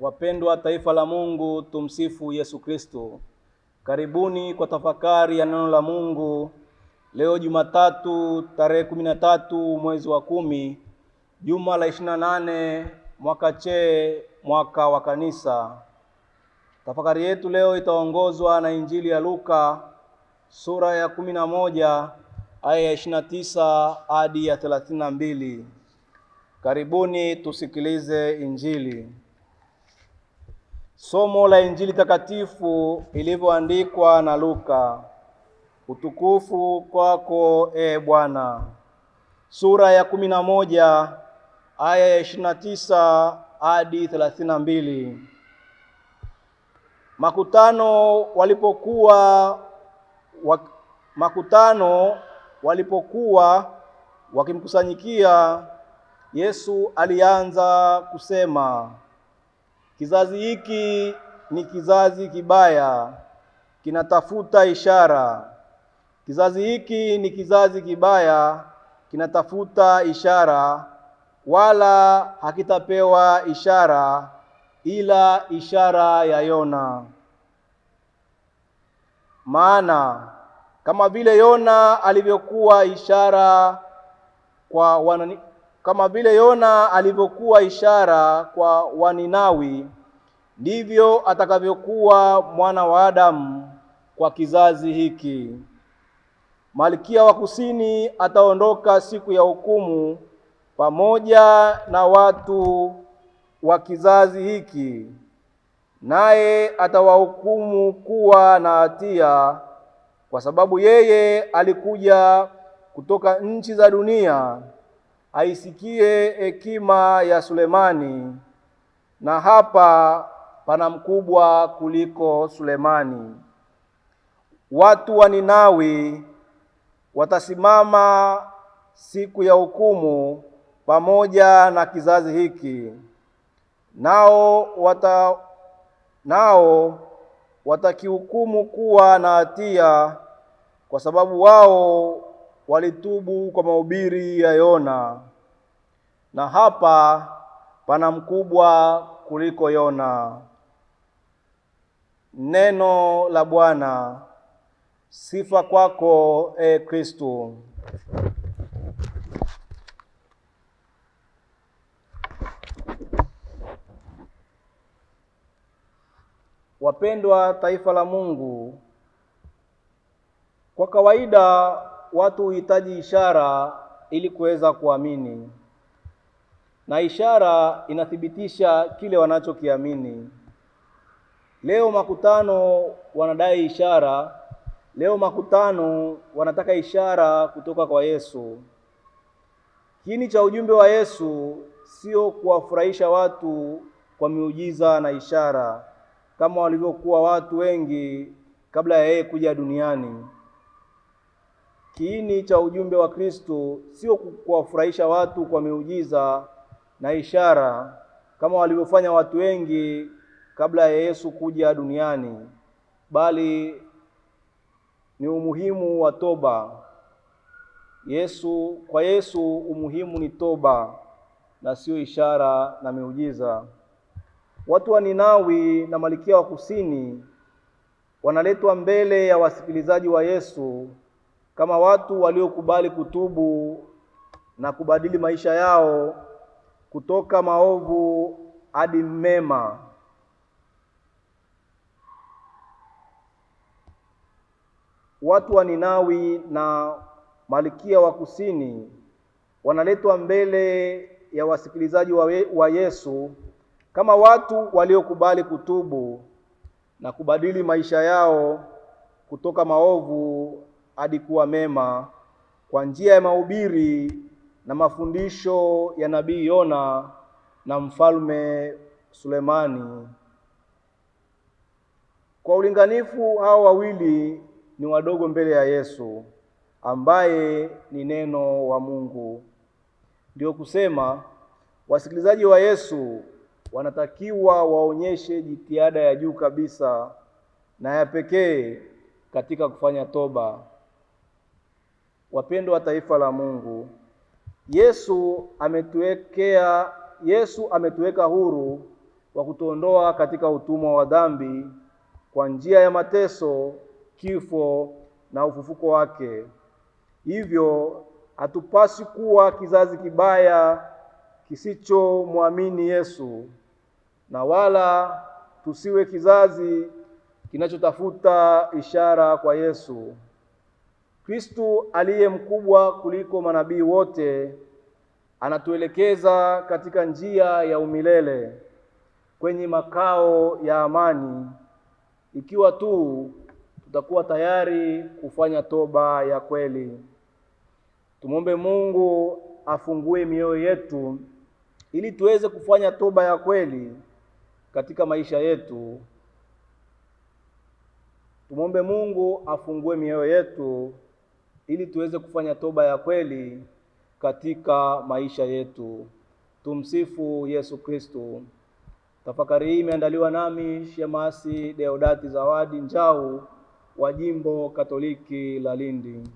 Wapendwa taifa la Mungu, tumsifu Yesu Kristo. Karibuni kwa tafakari ya neno la Mungu leo Jumatatu tarehe kumi na tatu mwezi wa kumi juma la ishirini na nane mwaka chee mwaka wa kanisa. Tafakari yetu leo itaongozwa na Injili ya Luka sura ya kumi na moja aya ya ishirini na tisa hadi ya thelathini na mbili. Karibuni tusikilize Injili. Somo la Injili takatifu ilivyoandikwa na Luka. Utukufu kwako e Bwana. Sura ya kumi na moja aya ya ishirini na tisa hadi thelathini na mbili. Makutano walipokuwa wa, makutano walipokuwa wakimkusanyikia Yesu alianza kusema Kizazi hiki ni kizazi kibaya, kinatafuta ishara. Kizazi hiki ni kizazi kibaya, kinatafuta ishara, wala hakitapewa ishara ila ishara ya Yona. Maana kama vile Yona alivyokuwa ishara kwa wanani, kama vile Yona alivyokuwa ishara kwa Waninawi ndivyo atakavyokuwa mwana wa Adamu kwa kizazi hiki. Malkia wa kusini ataondoka siku ya hukumu pamoja na watu wa kizazi hiki, naye atawahukumu kuwa na hatia, kwa sababu yeye alikuja kutoka nchi za dunia aisikie hekima ya Sulemani, na hapa pana mkubwa kuliko Sulemani. Watu wa Ninawi watasimama siku ya hukumu pamoja na kizazi hiki, nao wata nao watakihukumu kuwa na hatia, kwa sababu wao walitubu kwa mahubiri ya Yona, na hapa pana mkubwa kuliko Yona. Neno la Bwana. Sifa kwako e Kristo. Wapendwa taifa la Mungu, kwa kawaida watu huhitaji ishara ili kuweza kuamini, na ishara inathibitisha kile wanachokiamini. Leo makutano wanadai ishara, leo makutano wanataka ishara kutoka kwa Yesu. Kiini cha ujumbe wa Yesu sio kuwafurahisha watu kwa miujiza na ishara kama walivyokuwa watu wengi kabla ya yeye kuja duniani. Kiini cha ujumbe wa Kristo sio kuwafurahisha watu kwa miujiza na ishara kama walivyofanya watu wengi kabla ya Yesu kuja duniani, bali ni umuhimu wa toba. Yesu kwa Yesu umuhimu ni toba na sio ishara na miujiza. Watu wa Ninawi na Malikia wa Kusini wanaletwa mbele ya wasikilizaji wa Yesu kama watu waliokubali kutubu na kubadili maisha yao kutoka maovu hadi mema. watu wa Ninawi na Malkia wa Kusini wanaletwa mbele ya wasikilizaji wa, wa Yesu kama watu waliokubali kutubu na kubadili maisha yao kutoka maovu hadi kuwa mema kwa njia ya mahubiri na mafundisho ya nabii Yona na mfalme Sulemani. Kwa ulinganifu, hao wawili ni wadogo mbele ya Yesu ambaye ni neno wa Mungu. Ndiyo kusema wasikilizaji wa Yesu wanatakiwa waonyeshe jitihada ya juu kabisa na ya pekee katika kufanya toba. Wapendwa wa taifa la Mungu, Yesu ametuwekea Yesu ametuweka huru wa kutuondoa katika utumwa wa dhambi kwa njia ya mateso kifo na ufufuko wake. Hivyo hatupasi kuwa kizazi kibaya kisichomwamini Yesu, na wala tusiwe kizazi kinachotafuta ishara kwa Yesu. Kristu aliye mkubwa kuliko manabii wote anatuelekeza katika njia ya umilele kwenye makao ya amani, ikiwa tu tutakuwa tayari kufanya toba ya kweli. Tumwombe Mungu afungue mioyo yetu ili tuweze kufanya toba ya kweli katika maisha yetu. Tumwombe Mungu afungue mioyo yetu ili tuweze kufanya toba ya kweli katika maisha yetu. Tumsifu Yesu Kristo. Tafakari hii imeandaliwa nami Shemasi Deodati Zawadi Njau wa Jimbo Katoliki la Lindi.